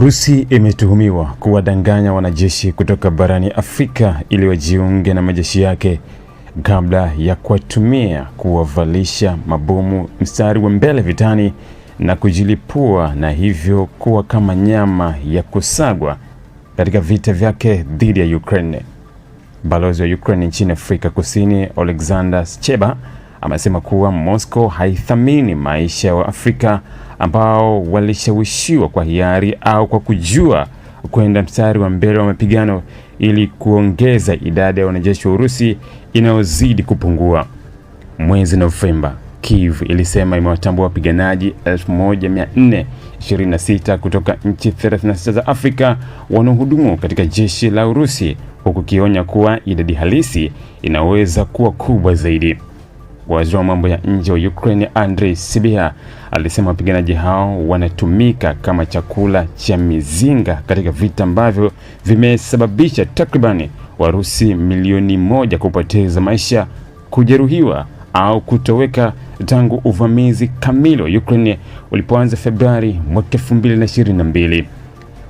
Urusi imetuhumiwa kuwadanganya wanajeshi kutoka barani Afrika ili wajiunge na majeshi yake kabla ya kuwatumia kuwavalisha mabomu mstari wa mbele vitani na kujilipua na hivyo kuwa kama nyama ya kusagwa katika vita vyake dhidi ya Ukraine. Balozi wa Ukraine nchini Afrika Kusini, Oleksandr scheba amesema kuwa Moscow haithamini maisha ya Waafrika ambao walishawishiwa kwa hiari au kwa kujua kwenda mstari wa mbele wa mapigano ili kuongeza idadi ya wanajeshi wa Urusi inayozidi kupungua. Mwezi Novemba, Kiev ilisema imewatambua wapiganaji 1426 kutoka nchi 36 za Afrika wanaohudumu katika jeshi la Urusi, huku ikionya kuwa idadi halisi inaweza kuwa kubwa zaidi. Waziri wa mambo ya nje wa Ukraine Andrei sibiha alisema wapiganaji hao wanatumika kama chakula cha mizinga katika vita ambavyo vimesababisha takribani Warusi milioni moja kupoteza maisha, kujeruhiwa au kutoweka tangu uvamizi kamili wa Ukraine ulipoanza Februari mwaka 2022.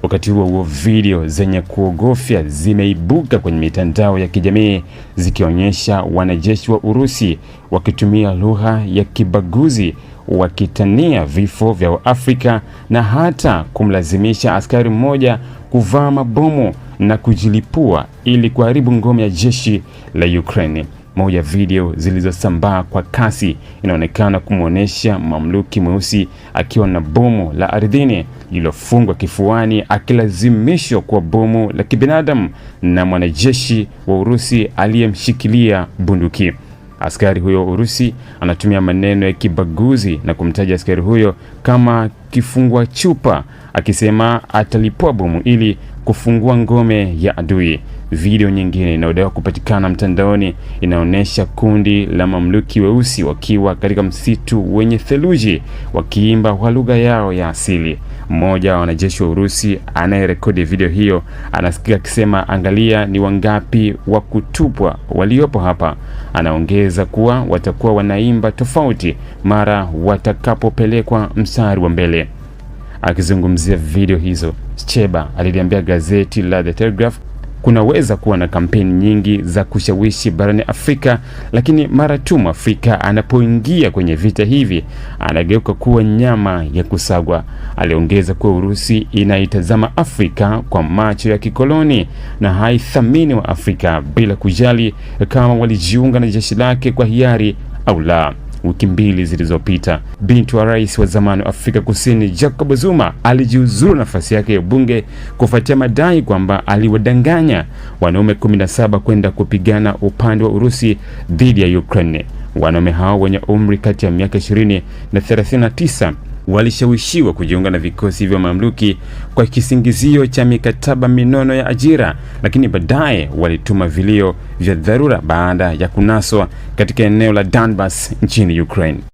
Wakati huo huo, video zenye kuogofya zimeibuka kwenye mitandao ya kijamii zikionyesha wanajeshi wa Urusi wakitumia lugha ya kibaguzi wakitania vifo vya Waafrika na hata kumlazimisha askari mmoja kuvaa mabomu na kujilipua ili kuharibu ngome ya jeshi la Ukraine. Moja video zilizosambaa kwa kasi inaonekana kumwonyesha mamluki mweusi akiwa na bomu la ardhini lililofungwa kifuani akilazimishwa kwa bomu la kibinadamu na mwanajeshi wa Urusi aliyemshikilia bunduki. Askari huyo wa Urusi anatumia maneno ya kibaguzi na kumtaja askari huyo kama kifungwa chupa akisema atalipua bomu ili kufungua ngome ya adui. Video nyingine inayodaiwa kupatikana mtandaoni inaonyesha kundi la mamluki weusi wakiwa katika msitu wenye theluji wakiimba kwa lugha yao ya asili. Mmoja wa wanajeshi wa Urusi anayerekodi video hiyo anasikika akisema, angalia ni wangapi wa kutupwa waliopo hapa. Anaongeza kuwa watakuwa wanaimba tofauti mara watakapopelekwa mstari wa mbele. Akizungumzia video hizo, cheba aliliambia gazeti la The Telegraph kunaweza kuwa na kampeni nyingi za kushawishi barani Afrika, lakini mara tu Mwafrika anapoingia kwenye vita hivi anageuka kuwa nyama ya kusagwa. Aliongeza kuwa Urusi inaitazama Afrika kwa macho ya kikoloni na haithamini wa Afrika bila kujali kama walijiunga na jeshi lake kwa hiari au la wiki mbili zilizopita. Binti wa rais wa zamani wa Afrika Kusini Jacob Zuma alijiuzuru nafasi yake ya ubunge kufuatia madai kwamba aliwadanganya wanaume 17 kwenda kupigana upande wa Urusi dhidi ya Ukraine. Wanaume hao wenye umri kati ya miaka 20 na 39 walishawishiwa kujiunga na vikosi vya mamluki kwa kisingizio cha mikataba minono ya ajira, lakini baadaye walituma vilio vya dharura baada ya kunaswa katika eneo la Donbas nchini Ukraine.